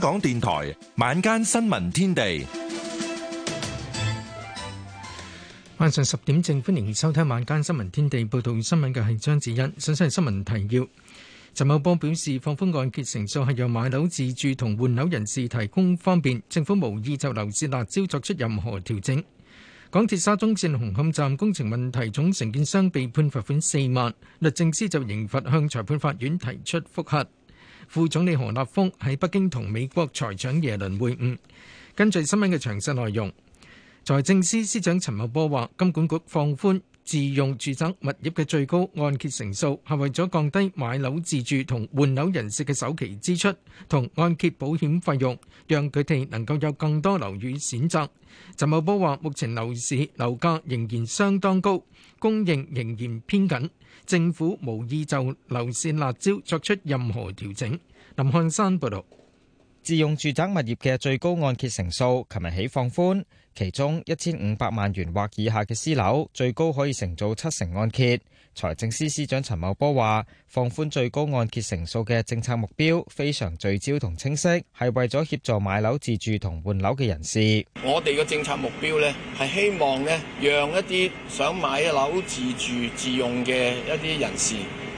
港電台晚間新聞天地，晚上十點正，歡迎收聽晚間新聞天地。報道新聞嘅係張子欣，最新嘅新聞提要：陳茂波表示，放寬按揭成數係由買樓自住同換樓人士提供方便，政府無意就樓市辣招作出任何調整。港鐵沙中綫紅磡站工程問題，總承建商被判罰款四萬，律政司就刑罰向裁判法院提出複核。副總理何立峰喺北京同美國財長耶倫會晤。根據新聞嘅詳細內容，財政司司長陳茂波話金管局放寬，自用住宅物業嘅最高按揭成數，係為咗降低買樓自住同換樓人士嘅首期支出同按揭保險費用，讓佢哋能夠有更多樓宇選擇。陳茂波話：目前樓市樓價仍然相當高，供應仍然偏緊，政府無意就樓市辣招作出任何調整。林漢山報道，自用住宅物業嘅最高按揭成數，琴日起放寬。其中一千五百萬元或以下嘅私樓，最高可以承做七成按揭。財政司司長陳茂波話，放寬最高按揭成數嘅政策目標非常聚焦同清晰，係為咗協助買樓自住同換樓嘅人士。我哋嘅政策目標呢，係希望呢，讓一啲想買樓自住自用嘅一啲人士，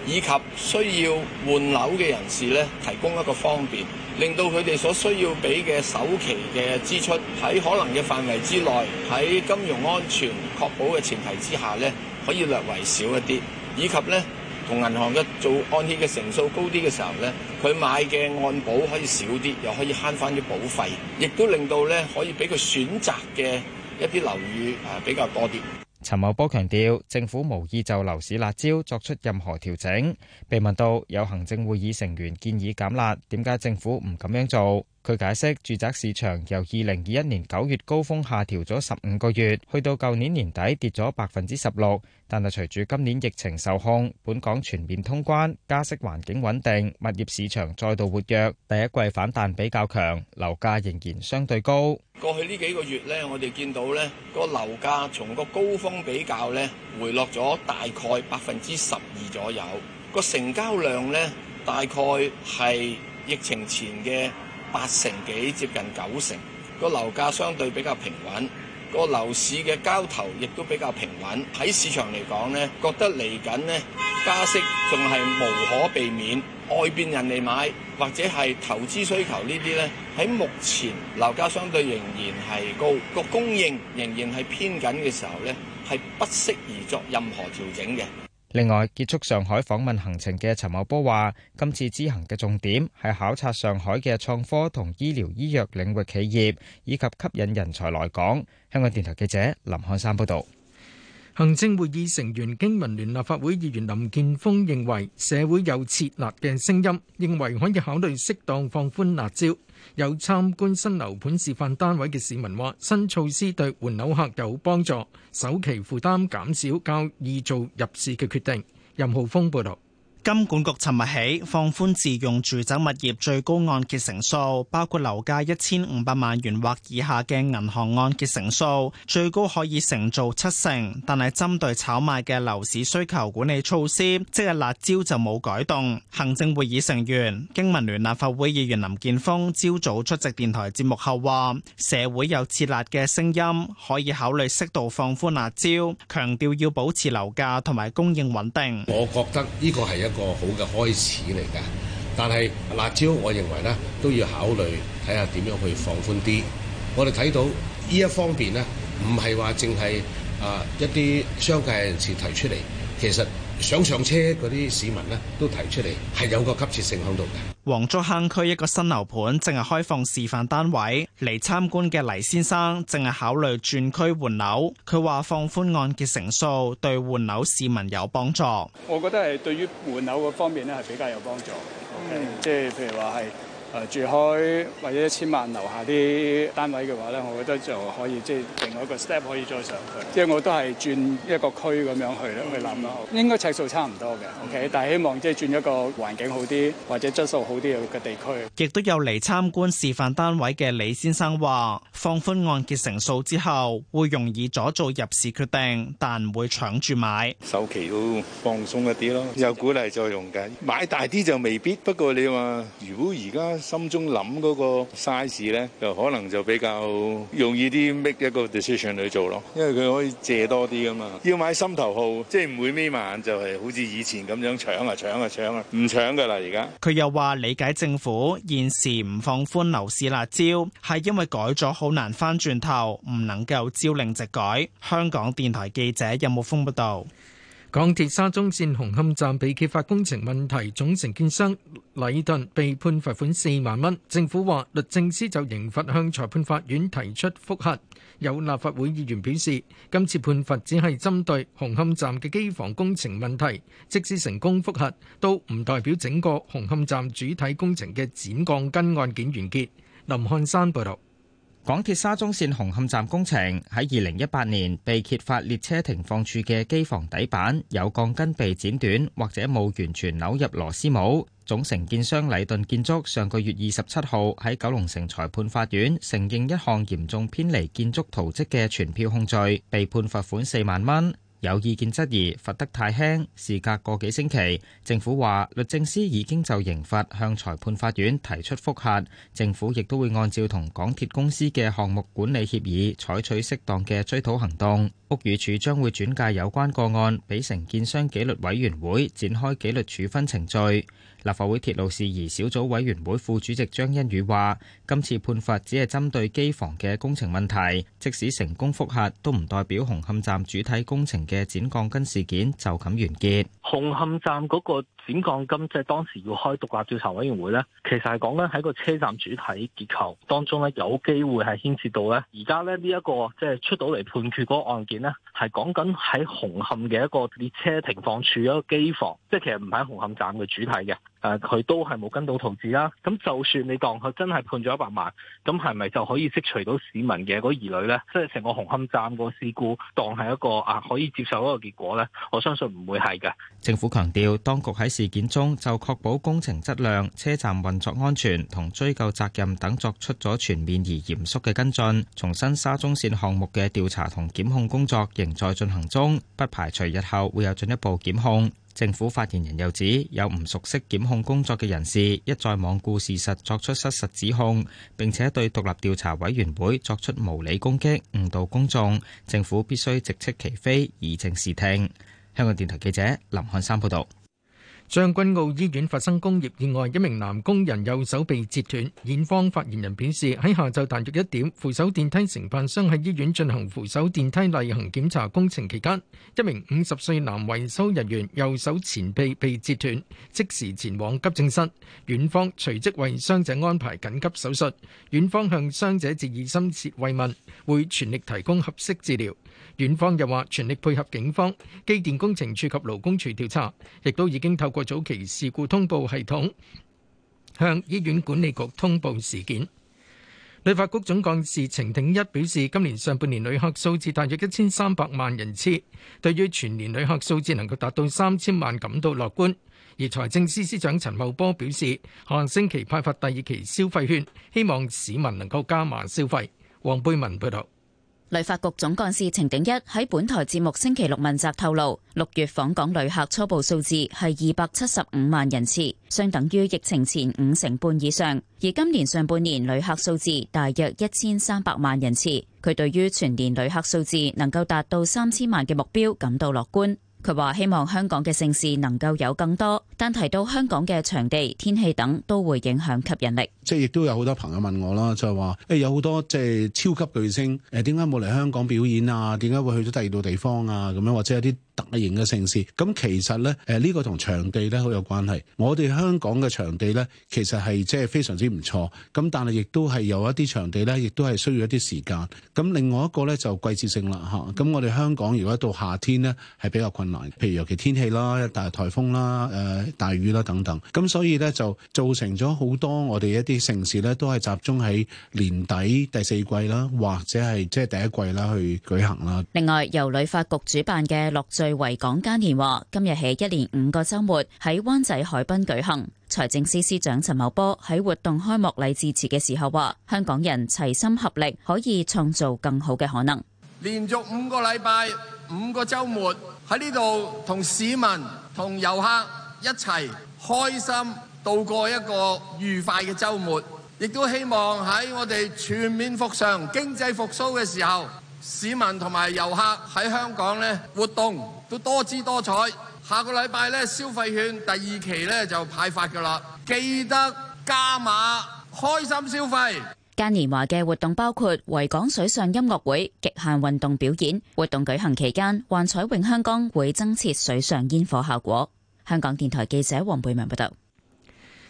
以及需要換樓嘅人士呢，提供一個方便。令到佢哋所需要俾嘅首期嘅支出喺可能嘅範圍之內，喺金融安全確保嘅前提之下呢，可以略為少一啲，以及呢，同銀行嘅做按揭嘅成數高啲嘅時候呢，佢買嘅按保可以少啲，又可以慳翻啲保費，亦都令到呢可以俾佢選擇嘅一啲樓宇啊、呃、比較多啲。陳茂波強調，政府無意就樓市辣招作出任何調整。被問到有行政會議成員建議減辣，點解政府唔咁樣做？佢解釋，住宅市場由二零二一年九月高峰下調咗十五個月，去到舊年年底跌咗百分之十六。但係隨住今年疫情受控，本港全面通關，加息環境穩定，物業市場再度活躍，第一季反彈比較強，樓價仍然相對高。過去呢幾個月呢，我哋見到呢個樓價從個高峰比較呢回落咗大概百分之十二左右，個成交量呢大概係疫情前嘅八成幾接近九成，個樓價相對比較平穩，個樓市嘅交投亦都比較平穩。喺市場嚟講呢，覺得嚟緊呢，加息仲係無可避免，外邊，外邊人嚟買或者係投資需求呢啲呢，喺目前樓價相對仍然係高，個供應仍然係偏緊嘅時候呢，係不適宜作任何調整嘅。另外，結束上海訪問行程嘅陳茂波話，今次之行嘅重點係考察上海嘅創科同醫療醫藥領域企業，以及吸引人才來港。香港電台記者林漢山報導。行政會議成員、經民聯立法會議員林健鋒認為，社會有撤辣嘅聲音，認為可以考慮適當放寬辣招。有參觀新樓盤示範單位嘅市民話，新措施對換樓客有幫助，首期負擔減少，較易做入市嘅決定。任浩峰報導。金管局尋日起放寬自用住宅物業最高按揭成數，包括樓價一千五百萬元或以下嘅銀行按揭成數，最高可以承造七成。但係針對炒賣嘅樓市需求管理措施，即係辣招就冇改動。行政會議成員、經民聯立法會議員林健鋒朝早出席電台節目後話，社會有撤辣嘅聲音，可以考慮適度放寬辣招。強調要保持樓價同埋供應穩定。我覺得呢個係一個好嘅開始嚟㗎，但係辣椒，我認為呢都要考慮睇下點樣去放寬啲。我哋睇到呢一方面呢，唔係話淨係啊一啲商界人士提出嚟，其實。想上，上車嗰啲市民咧，都提出嚟，係有個急切性響度嘅。黃竹坑區一個新樓盤正係開放示範單位，嚟參觀嘅黎先生，正係考慮轉區換樓。佢話放寬按揭成數對換樓市民有幫助。我覺得係對於換樓嗰方面咧係比較有幫助。Okay? 嗯，即係譬如話係。誒住開或者一千萬樓下啲單位嘅話咧，我覺得就可以即係另外一個 step 可以再上去。 即係我都係轉一個區咁樣去 去諗咯，應該尺數差唔多嘅。OK， 但係希望即係轉一個環境好啲或者質素好啲嘅地區。亦都有嚟參觀示範單位嘅李先生話，放寬按揭成數之後，會容易咗做入市決定，但唔會搶住買。首期都放鬆一啲咯，有鼓勵作用嘅。買大啲就未必，不過你話如果而家，心中諗嗰個 size 呢，就可能就比較容易啲 make 一個 decision 去做咯，因為佢可以借多啲噶嘛。要買心頭好，即係唔會眯埋眼，就係好似以前咁樣搶啊搶啊搶啊，唔搶噶、啊、啦！而家佢又話理解政府現時唔放寬樓市辣招，係因為改咗好難翻轉頭，唔能夠朝令夕改。香港電台記者任木峯報道。港鐵沙中線紅磡站被揭發工程問題，總承建商禮頓被判罰款四萬蚊。政府話律政司就刑罰向裁判法院提出覆核。有立法會議員表示，今次判罰只係針對紅磡站嘅機房工程問題，即使成功覆核，都唔代表整個紅磡站主體工程嘅剪鋼筋案件完結。林漢山報道。港鐵沙中綫紅磡站工程喺二零一八年被揭發列車停放處嘅機房底板有鋼筋被剪短或者冇完全扭入螺絲帽。總承建商禮頓建築上個月二十七號喺九龍城裁判法院承認一項嚴重偏離建築圖則嘅傳票控罪，被判罰款四萬蚊。有意見質疑罰得太輕，事隔個幾星期，政府話律政司已經就刑罰向裁判法院提出覆核，政府亦都會按照同港鐵公司嘅項目管理協議採取適當嘅追討行動。屋宇署將會轉介有關個案俾承建商紀律委員會展開紀律處分程序。立法會鐵路事宜小組委員會副主席張欣宇話，今次判罰只係針對機房嘅工程問題，即使成功覆核，都唔代表紅磡站主體工程嘅剪鋼筋事件就咁完結。紅磡站嗰個剪鋼筋，即係當時要開獨立調查委員會咧，其實係講咧喺個車站主體結構當中咧，有機會係牽涉到咧。而家咧呢一個即係出到嚟判決嗰個案件咧，係講緊喺紅磡嘅一個列車停放處一個機房，即係其實唔喺紅磡站嘅主體嘅。誒佢都係冇跟到圖紙啦，咁就算你當佢真係判咗一百萬，咁係咪就可以釋除到市民嘅嗰啲疑慮呢？即係成個紅磡站個事故當係一個啊可以接受一個結果呢？我相信唔會係嘅。政府強調，當局喺事件中就確保工程質量、車站運作安全同追究責任等作出咗全面而嚴肅嘅跟進，重新沙中線項目嘅調查同檢控工作仍在進行中，不排除日後會有進一步檢控。政府發言人又指，有唔熟悉檢控工作嘅人士一再罔顧事實，作出失實指控，並且對獨立調查委員會作出無理攻擊，誤導公眾。政府必須直斥其非，以正視聽。香港電台記者林漢山報道。將軍澳醫院發生工業意外，一名男工人右手被截斷。院方發言人表示，喺下晝大約一點，扶手電梯承辦商喺醫院進行扶手電梯例行檢查工程期間，一名五十歲男維修人員右手前臂被截斷，即時前往急症室。院方隨即為傷者安排緊急手術。院方向傷者致以深切慰問，會全力提供合適治療。院方又話全力配合警方、機電工程處及勞工處調查，亦都已經透過早期事故通報系統向醫院管理局通報事件。旅發局總幹事程挺一表示，今年上半年旅客數字大約一千三百萬人次，對於全年旅客數字能夠達到三千萬感到樂觀。而財政司司長陳茂波表示，下星期派發第二期消費券，希望市民能夠加碼消費。黃貝文報導。旅發局總幹事程鼎一喺本台節目星期六問責透露，六月訪港旅客初步數字係二百七十五萬人次，相等於疫情前五成半以上。而今年上半年旅客數字大約一千三百萬人次，佢對於全年旅客數字能夠達到三千萬嘅目標感到樂觀。佢話希望香港嘅盛事能夠有更多。但提到香港嘅場地、天氣等都會影響吸引力，即係亦都有好多朋友問我啦，就係話誒有好多即係超級巨星誒點解冇嚟香港表演啊？點解會去咗第二度地方啊？咁樣或者有啲大型嘅城市，咁其實咧誒呢個同場地咧好有關係。我哋香港嘅場地咧其實係即係非常之唔錯，咁但係亦都係有一啲場地咧，亦都係需要一啲時間。咁另外一個咧就季節性啦嚇。咁我哋香港如果到夏天咧係比較困難，譬如尤其天氣啦，大颱風啦誒。呃大雨啦，等等咁，所以咧就造成咗好多我哋一啲城市咧，都係集中喺年底第四季啦，或者係即係第一季啦去舉行啦。另外，由旅發局主辦嘅樂聚維港嘉年華今日起一連五個周末喺灣仔海濱舉行。財政司司長陳茂波喺活動開幕禮致辭嘅時候話，香港人齊心合力可以創造更好嘅可能。連續五個禮拜，五個周末喺呢度同市民同遊客。一齊開心度過一個愉快嘅週末，亦都希望喺我哋全面復常、經濟復甦嘅時候，市民同埋遊客喺香港呢活動都多姿多彩。下個禮拜呢消費券第二期呢就派發㗎喇，記得加碼開心消費。嘉年華嘅活動包括維港水上音樂會、極限運動表演。活動舉行期間，幻彩詠香江會增設水上煙火效果。香港電台記者黃貝文報道，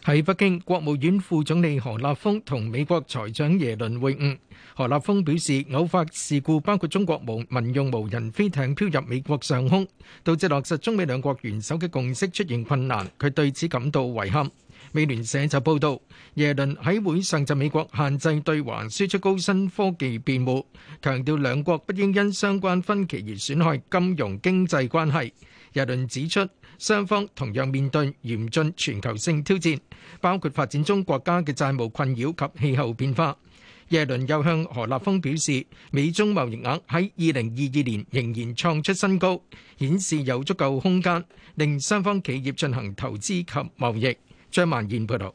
喺北京，國務院副總理何立峰同美國財長耶倫會晤。何立峰表示，偶發事故包括中國無民用無人飛艇飄入美國上空，導致落實中美兩國元首嘅共識出現困難，佢對此感到遺憾。美聯社就報道，耶倫喺會上就美國限制對華輸出高新科技辯護，強調兩國不應因相關分歧而損害金融經濟關係。耶倫指出。雙方同樣面對嚴峻全球性挑戰，包括發展中國家嘅債務困擾及氣候變化。耶倫又向何立峰表示，美中貿易額喺二零二二年仍然創出新高，顯示有足夠空間令雙方企業進行投資及貿易。張萬燕報導。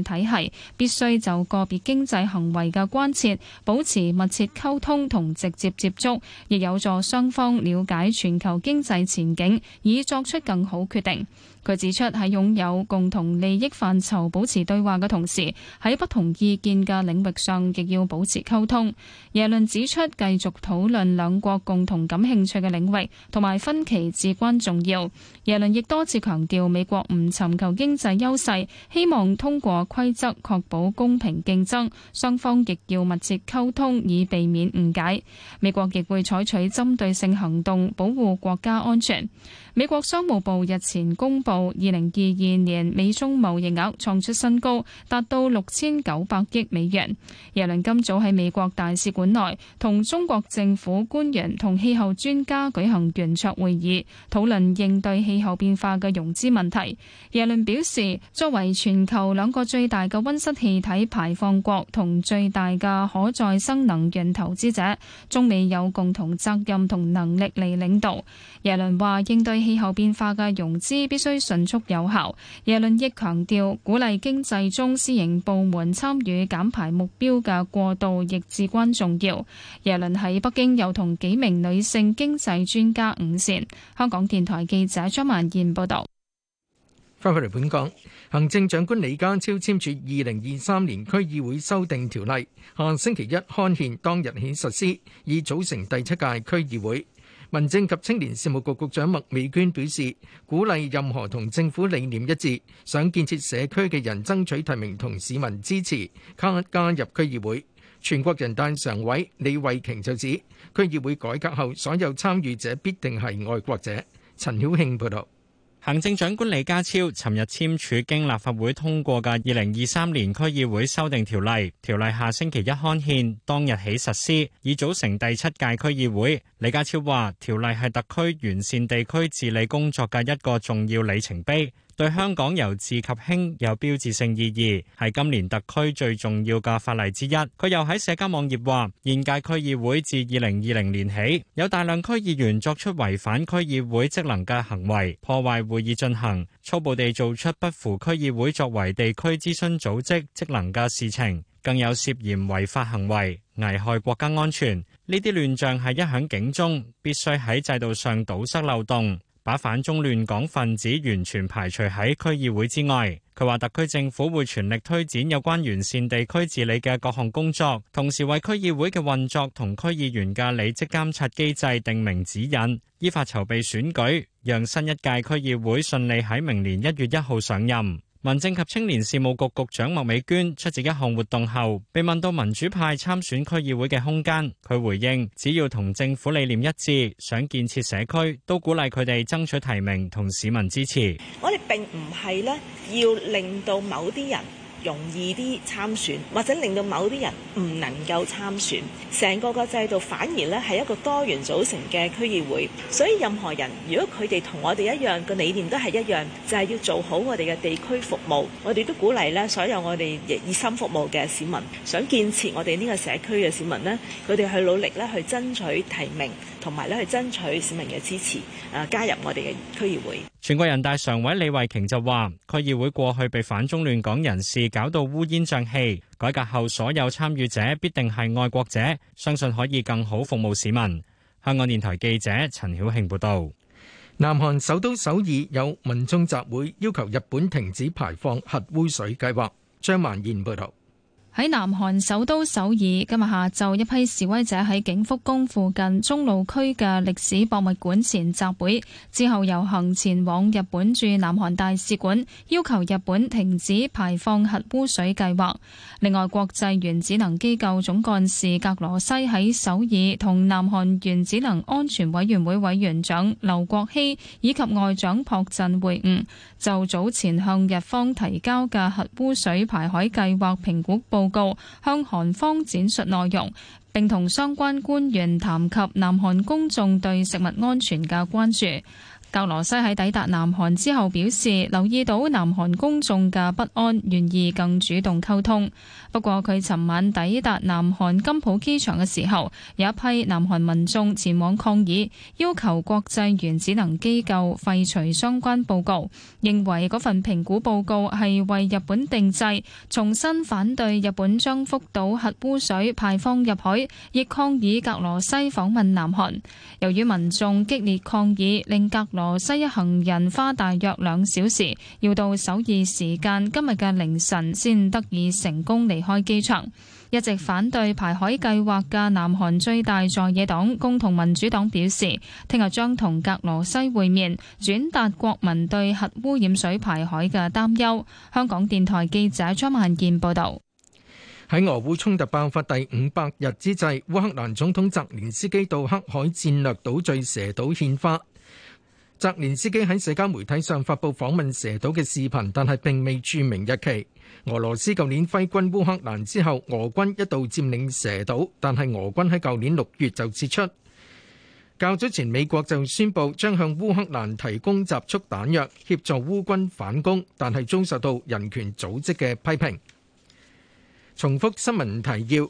體系必須就個別經濟行為嘅關切保持密切溝通同直接接觸，亦有助雙方了解全球經濟前景，以作出更好決定。佢指出喺擁有共同利益範疇保持對話嘅同時，喺不同意見嘅領域上亦要保持溝通。耶倫指出，繼續討論兩國共同感興趣嘅領域同埋分歧至關重要。耶倫亦多次強調，美國唔尋求經濟優勢，希望通過規則確保公平競爭。雙方亦要密切溝通以避免誤解。美國亦會採取針對性行動保護國家安全。美國商務部日前公佈。二零二二年美中貿易額創出新高，達到六千九百億美元。耶倫今早喺美國大使館內同中國政府官員同氣候專家舉行圓桌會議，討論應對氣候變化嘅融資問題。耶倫表示，作為全球兩個最大嘅温室氣體排放國同最大嘅可再生能源投資者，中美有共同責任同能力嚟領導。耶倫話，應對氣候變化嘅融資必須。迅速有效。耶倫亦強調，鼓勵經濟中私營部門參與減排目標嘅過渡亦至關重要。耶倫喺北京又同幾名女性經濟專家午膳。香港電台記者張曼燕報道。翻返嚟本港，行政長官李家超簽署二零二三年區議會修訂條例，下星期一刊憲，當日起實施，以組成第七屆區議會。民政及青年事務局局長麥美娟表示，鼓勵任何同政府理念一致、想建設社區嘅人爭取提名同市民支持，加加入區議會。全國人大常委李慧瓊就指，區議會改革後，所有參與者必定係愛國者。陳曉慶報導。行政長官李家超尋日簽署經立法會通過嘅二零二三年區議會修訂條例，條例下星期一刊憲，當日起實施，以組成第七屆區議會。李家超話條例係特區完善地區治理工作嘅一個重要里程碑，對香港由治及興有標誌性意義，係今年特區最重要嘅法例之一。佢又喺社交網頁話，現屆區議會自二零二零年起，有大量區議員作出違反區議會職能嘅行為，破壞會議進行，粗暴地做出不符區議會作為地區諮詢組織職能嘅事情。更有涉嫌違法行為，危害國家安全，呢啲亂象係一響警鐘，必須喺制度上堵塞漏洞，把反中亂港分子完全排除喺區議會之外。佢話特區政府會全力推展有關完善地區治理嘅各項工作，同時為區議會嘅運作同區議員嘅履職監察機制定明指引，依法籌備選舉，讓新一屆區議會順利喺明年一月一號上任。民政及青年事務局局長麥美娟出席一項活動後，被問到民主派參選區議會嘅空間，佢回應：只要同政府理念一致，想建設社區，都鼓勵佢哋爭取提名同市民支持。我哋並唔係咧要令到某啲人。容易啲參選，或者令到某啲人唔能夠參選，成個個制度反而咧係一個多元組成嘅區議會。所以任何人，如果佢哋同我哋一樣嘅理念都係一樣，就係要做好我哋嘅地區服務。我哋都鼓勵咧所有我哋熱心服務嘅市民，想建設我哋呢個社區嘅市民呢，佢哋去努力咧去爭取提名。同埋咧，去爭取市民嘅支持，誒加入我哋嘅區議會。全國人大常委李慧瓊就話：區議會過去被反中亂港人士搞到烏煙瘴氣，改革後所有參與者必定係愛國者，相信可以更好服務市民。香港電台記者陳曉慶報導。南韓首都首爾有民眾集會，要求日本停止排放核污水計劃。張萬燕報導。喺南韓首都首爾，今日下晝一批示威者喺景福宮附近中路區嘅歷史博物館前集會，之後遊行前往日本駐南韓大使館，要求日本停止排放核污水計劃。另外，國際原子能機構總幹事格羅西喺首爾同南韓原子能安全委員會委員長劉國熙以及外長朴振會晤，就早前向日方提交嘅核污水排海計劃評估報。報告向韓方展述內容，並同相關官員談及南韓公眾對食物安全嘅關注。格羅西喺抵達南韓之後表示，留意到南韓公眾嘅不安，願意更主動溝通。不過佢尋晚抵達南韓金浦機場嘅時候，有一批南韓民眾前往抗議，要求國際原子能機構廢除相關報告，認為嗰份評估報告係為日本定製，重新反對日本將福島核污水排放入海，亦抗議格羅西訪問南韓。由於民眾激烈抗議，令格羅羅西一行人花大約兩小時，要到首爾時間今日嘅凌晨先得以成功離開機場。一直反對排海計劃嘅南韓最大在野黨共同民主黨表示，聽日將同格羅西會面，轉達國民對核污染水排海嘅擔憂。香港電台記者張萬健報道：喺俄烏衝突爆發第五百日之際，烏克蘭總統澤連斯基到黑海戰略島嶼蛇島獻花。澤連斯基喺社交媒體上發布訪問蛇島嘅視頻，但係並未注明日期。俄羅斯舊年揮軍烏克蘭之後，俄軍一度佔領蛇島，但係俄軍喺舊年六月就撤出。較早前，美國就宣布將向烏克蘭提供集束彈藥，協助烏軍反攻，但係遭受到人權組織嘅批評。重複新聞提要。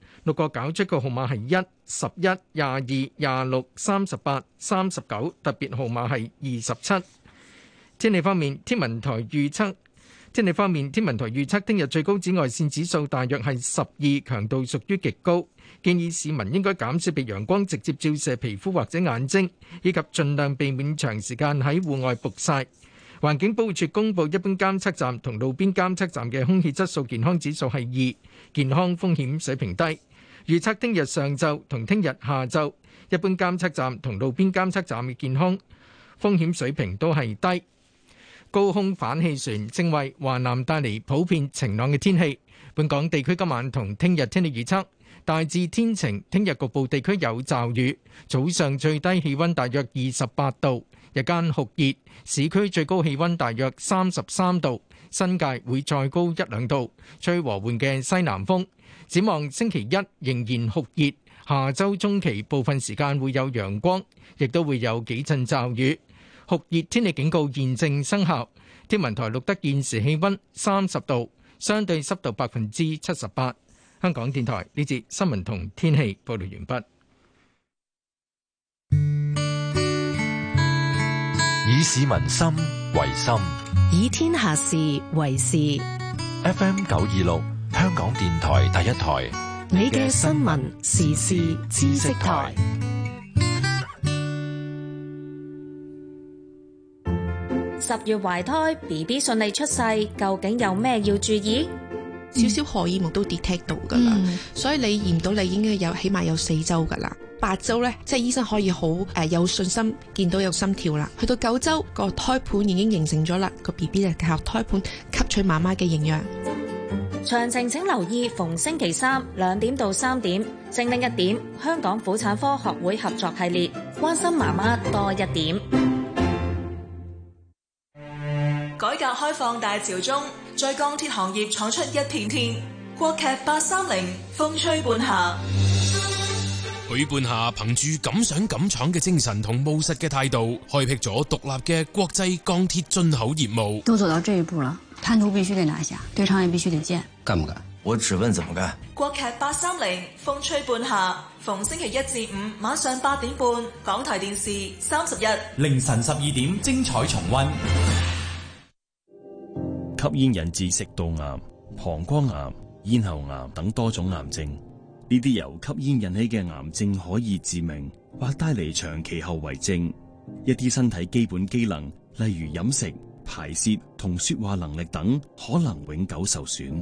六個搞出個號碼係一、十一、廿二、廿六、三十八、三十九，特別號碼係二十七。天氣方面，天文台預測天氣方面，天文台預測聽日最高紫外線指數大約係十二，強度屬於極高，建議市民應該減少被陽光直接照射皮膚或者眼睛，以及盡量避免長時間喺戶外曝曬。環境保護署公布一般監測站同路邊監測站嘅空氣質素健康指數係二，健康風險水平低。預測聽日上晝同聽日下晝，一般監測站同路邊監測站嘅健康風險水平都係低。高空反氣旋正為華南帶嚟普遍晴朗嘅天氣。本港地區今晚同聽日天氣預測大致天晴，聽日局部地區有驟雨。早上最低氣温大約二十八度，日間酷熱，市區最高氣温大約三十三度，新界會再高一兩度，吹和緩嘅西南風。展望星期一仍然酷熱，下周中期部分時間會有陽光，亦都會有幾陣驟雨。酷熱天氣警告現正生效。天文台錄得現時氣温三十度，相對濕度百分之七十八。香港電台呢節新聞同天氣報道完畢。以市民心為心，以天下事為事。FM 九二六。香港電台第一台，你嘅新聞時事知識台。十月懷胎，B B 順利出世，究竟有咩要注意？少少、嗯、荷爾蒙都 detect 到噶啦。嗯、所以你驗到你已經有起碼有四周噶啦，八周咧，即係醫生可以好誒、呃、有信心見到有心跳啦。去到九周，個胎盤已經形成咗啦，個 B B 就靠胎盤吸取媽媽嘅營養。詳情，請留意，逢星期三兩點到三點，正定一點，香港婦產科學會合作系列，關心媽媽多一點。改革開放大潮中，在鋼鐵行業闖出一片天。國劇八三零，風吹半夏。許半夏憑住敢想敢闖嘅精神同務實嘅態度，開闢咗獨立嘅國際鋼鐵進口業務。都走到這一步了，灘塗必須得拿下，堆場也必須得建。幹唔幹？可不可我只問怎麼幹。國劇八三零風吹半夏，逢星期一至五晚上八點半，港台電視三十一，凌晨十二點精彩重温。吸煙引,引致食道癌、膀胱癌、咽喉癌等多種癌症，呢啲由吸煙引,引起嘅癌症可以致命，或帶嚟長期後遺症。一啲身體基本機能，例如飲食、排泄同說話能力等，可能永久受損。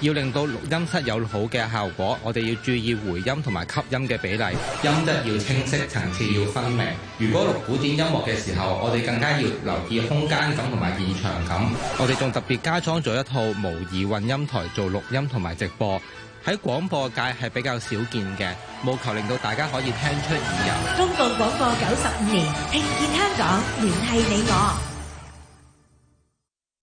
要令到錄音室有好嘅效果，我哋要注意回音同埋吸音嘅比例，音質要清晰，層次要分明。如果錄古典音樂嘅時候，我哋更加要留意空間感同埋現場感。我哋仲特別加裝咗一套模擬混音台做錄音同埋直播，喺廣播界係比較少見嘅，務求令到大家可以聽出耳油。中文廣播九十五年，聽見香港，聯繫你我。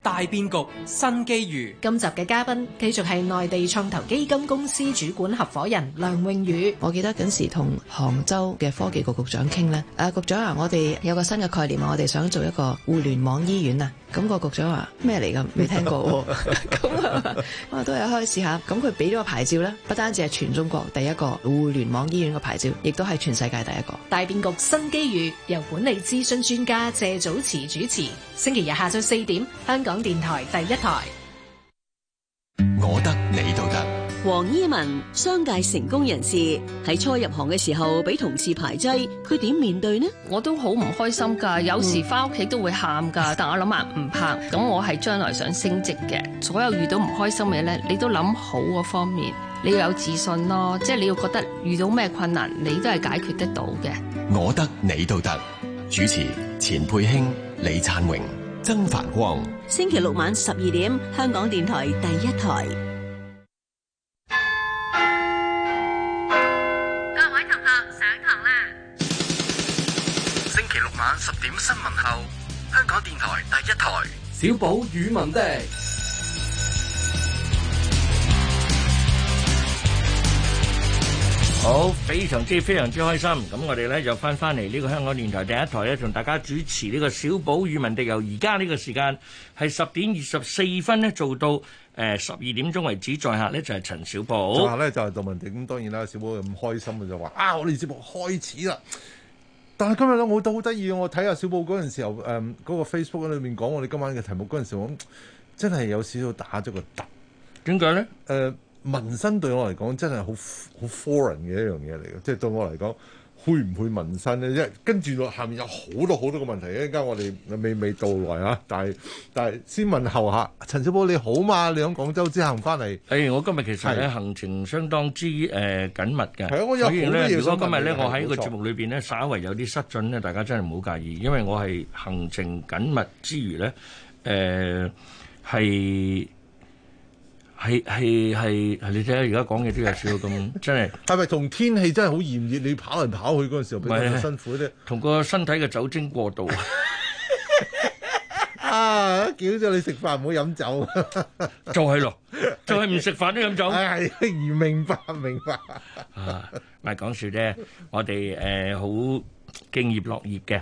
大變局，新機遇。今集嘅嘉賓繼續係內地創投基金公司主管合夥人梁穎宇。我記得嗰時同杭州嘅科技局局長傾咧，誒、啊，局長啊，我哋有個新嘅概念，我哋想做一個互聯網醫院啊。咁個局長話咩嚟㗎？未聽過喎。咁 啊， 都係開始下。咁佢俾咗個牌照咧，不單止係全中國第一個互聯網醫院嘅牌照，亦都係全世界第一個。大變局、新機遇，由管理諮詢專家謝祖慈主持。星期日下晝四點，香港電台第一台。我得你都得。黃依文，商界成功人士，喺初入行嘅時候俾同事排擠，佢點面對呢？我都好唔開心噶，有時翻屋企都會喊噶。但我諗下唔怕，咁我係將來想升職嘅，所有遇到唔開心嘅咧，你都諗好嗰方面，你要有自信咯，即係你要覺得遇到咩困難，你都係解決得到嘅。我得你都得。主持：錢佩興、李燦榮、曾繁光。星期六晚十二點，香港電台第一台。星期六晚十點新聞後，香港電台第一台，小寶與文迪，好，非常之非常之開心。咁我哋咧就返返嚟呢個香港電台第一台咧，同大家主持呢個小寶與文迪。由而家呢個時間係十點二十四分呢，做到誒十二點鐘為止。在下呢就係、是、陳小寶，在下呢就係、是、杜文迪。咁當然啦，小寶咁開心啊，就話啊，我哋節目開始啦。但係今日咧，我都好得意。我睇下小布嗰陣時候，誒、嗯、嗰、嗰個 Facebook 喺裏面講我哋今晚嘅題目嗰陣時候，我真係有少少打咗個突。點解咧？誒、呃，紋身對我嚟講真係好好 foreign 嘅一樣嘢嚟嘅，即係對我嚟講。會唔會民身呢？即係跟住落下面有好多好多嘅問題，一陣間我哋未未到來嚇，但係但係先問候嚇，陳小波你好嘛？你響廣州之行翻嚟？誒、欸，我今日其實咧行程相當之誒、呃、緊密嘅。欸、如果今日咧是我喺個節目裏邊咧，稍微有啲失準咧，大家真係唔好介意，因為我係行程緊密之餘咧，誒、呃、係。係係係係，你睇下而家講嘅啲嘢少到咁，真係。係咪同天氣真係好炎熱？你跑嚟跑去嗰陣時候，比較辛苦啲。同個身體嘅酒精過度啊！啊，叫咗你食飯唔好飲酒，就係咯，就係唔食飯都飲酒。係，明白明白。唔係講笑啫，我哋誒好敬業樂業嘅。